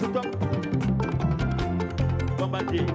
Soudan Bombardier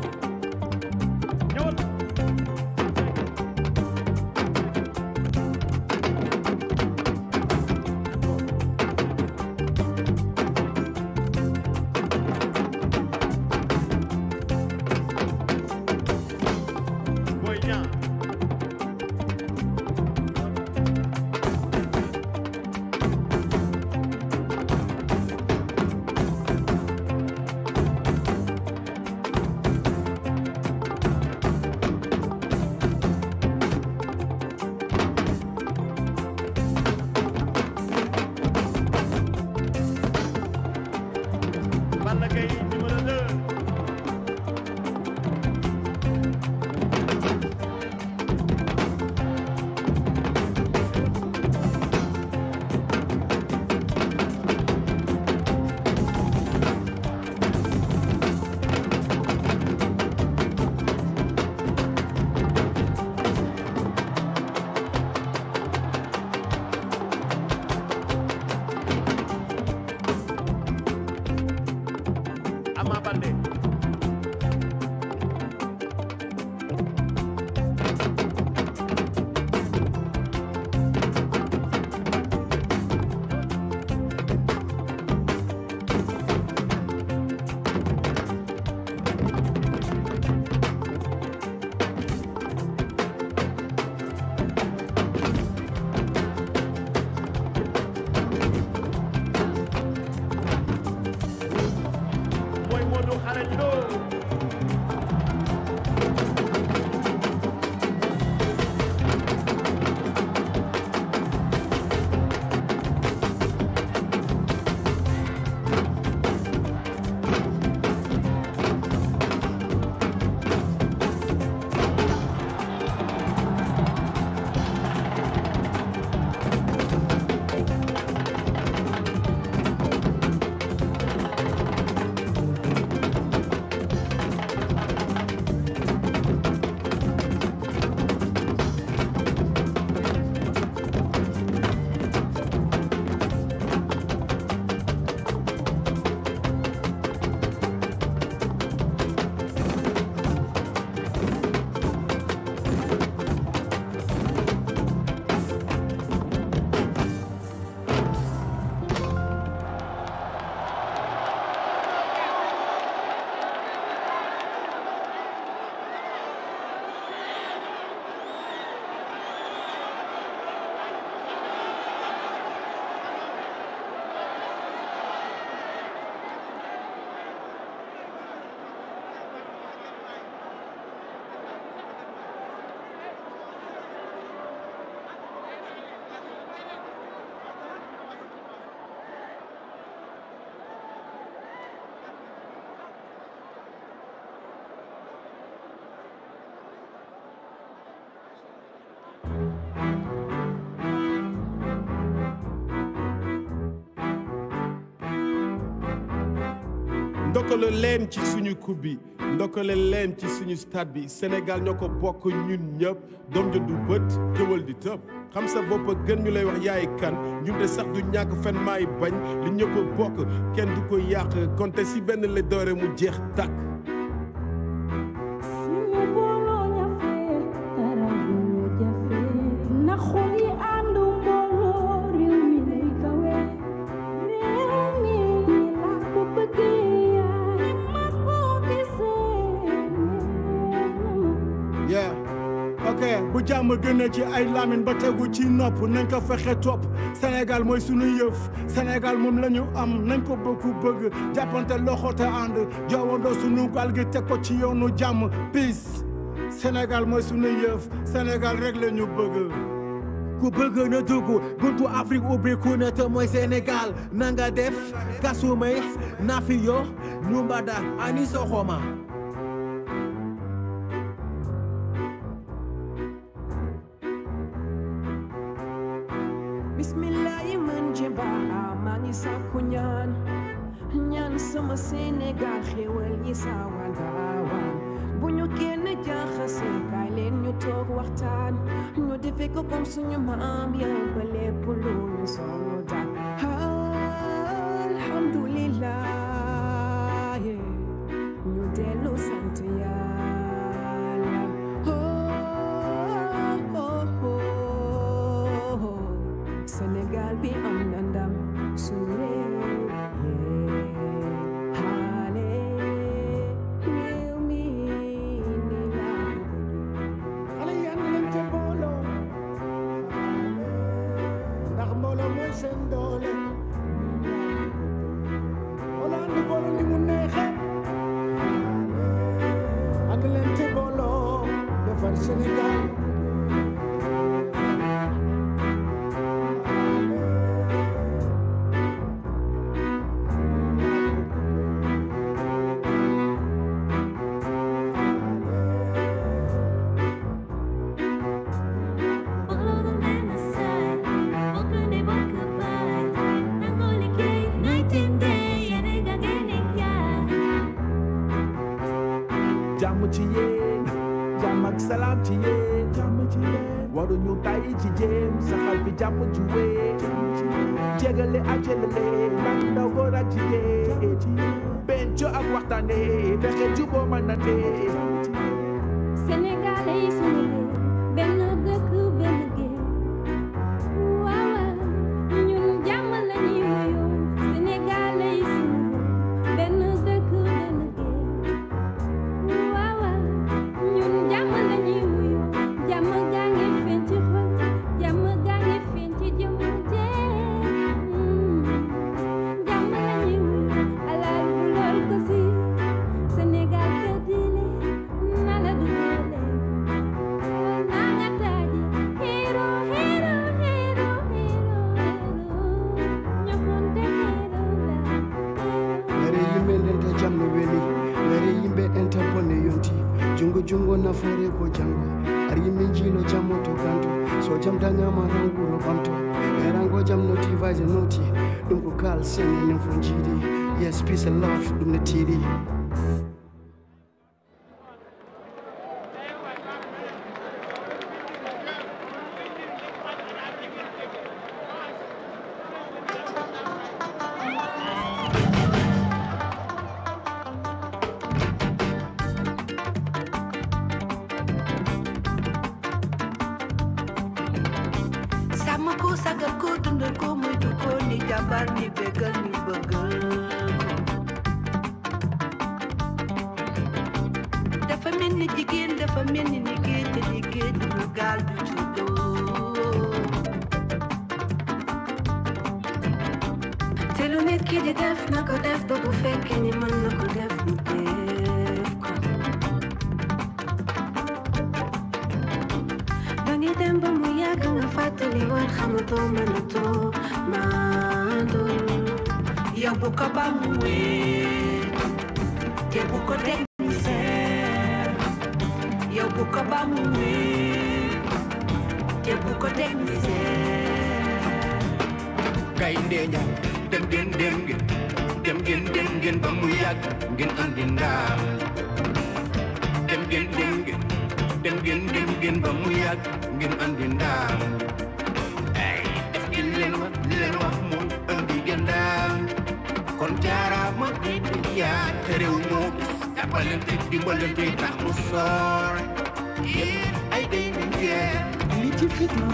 ndokkale leen ci suñu coupe bi ndokkale leen ci suñu stade bi Sénégal ñoo ko bokk ñun ñëpp doom ja du bët jëwal di tëb xam sa bopp gën ñu lay wax yaay kan ñun de sax du ñàkk fen maay bañ li ñëpp bokk kenn du ko yàq konte si benn la mu jeex tàkk jàmm gën a ci ay làmmiñ ba tegu ci nopp nañ ko fexe topp Sénégal mooy sunu yëf senegal moom la am nañ ko bëgg bëgg jàppante loxo te ànd joowandoo sunu gaal gi teg ko ci yoonu jàmm peace senegal mooy sunu yëf Sénégal rek la ñu bëgg. ku bëgg na dugg buntu Afrique ubbiku na te mooy Sénégal nanga def kasumay nafiyo numbada ani soxoma sama Sénégal xéwal yi saawaan baawaan bu ñu kenn jaxase kaay leen ñu toog waxtaan ñu defe ko comme suñu maam yaay ba lépp lu ñu soxla jàmm ci yéen jàmm ak salaam ci yéen jàmm ci yéen waruñu tàyyi ci jéem saxal bi jàmm ci wéen jégale ak jégale mag ndaw góor ak jigéen penco ak waxtaane fexe juboo mën na dee Sénégalais yi Jango jungo na ferego jango Arimi njilo jam moto kanto So jam dangama ranguro banto Yarango jam noti vise noti Dungu kal sene nyamfunjiri Yes peace and love dum ne tiri ku sagal ku dund ku muytu ko ni jàmbaar ni bégal ni bëgg dafa mel ni lu nit ki di def na ko def te bu fekkee mën na ko def lo to me lo to mando ya buka bangwe ke buko de mise ya buka bangwe ke buko de mise gaynde ña dem ngeen dem ngeen dem ngeen ba mu yàgg ngeen andi kon jaaraama yaa te réew moo gis jàppalante dimbalante tax mu soore yéen ay day ñu jeex li ci fitna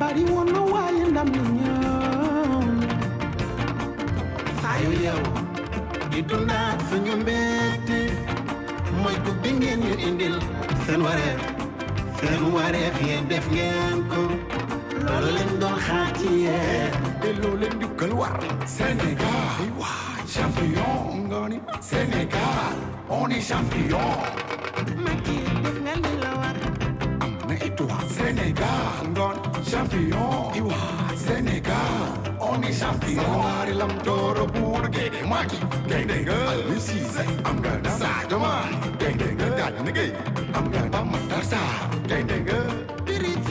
bari woon waaye ndam li ñëw saa yu yow di dundaat suñu mbette mooy ku bi ngeen ñu indil seen wareef seen wareef yéen def ngeen ko loolu leen doon xaar ci yéen te loolu leen jukkal war Sénégal ay waa champion nga ni Sénégal on champion Macky def nga li la na étoile Sénégal ngoon champion ay Sénégal on est champion samaari lam dooro buur gaynde Macky gaynde nga Aliou Cissé am nga Sadio Mané gaynde nga Gana Gueye am nga Matar Sarr gaynde nga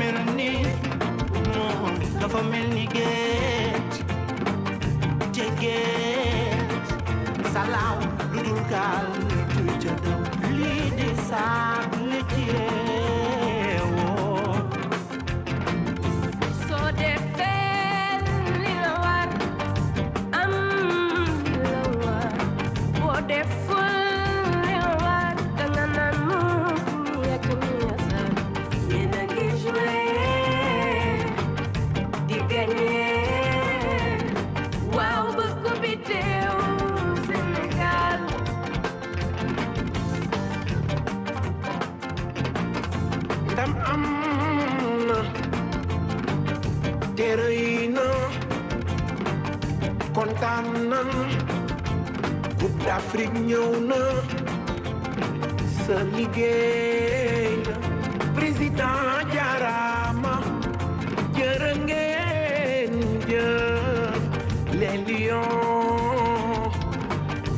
mel ni moom dafa mel ni géej te géej salaaw lu dul gaal tuy jëndam lii di saab ni ci réewoo soo la war am la war boo deful Afrique ñëw na sa liggéey na président jaaraama jërë ngeen jëf les lions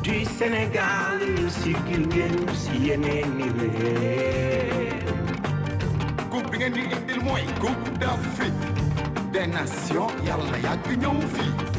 du Sénégal siggil ngeen si yeneen ni réew coupe bi ngeen di indil mooy coupe d'Afrique des nations yàlla yàgg ñëw fii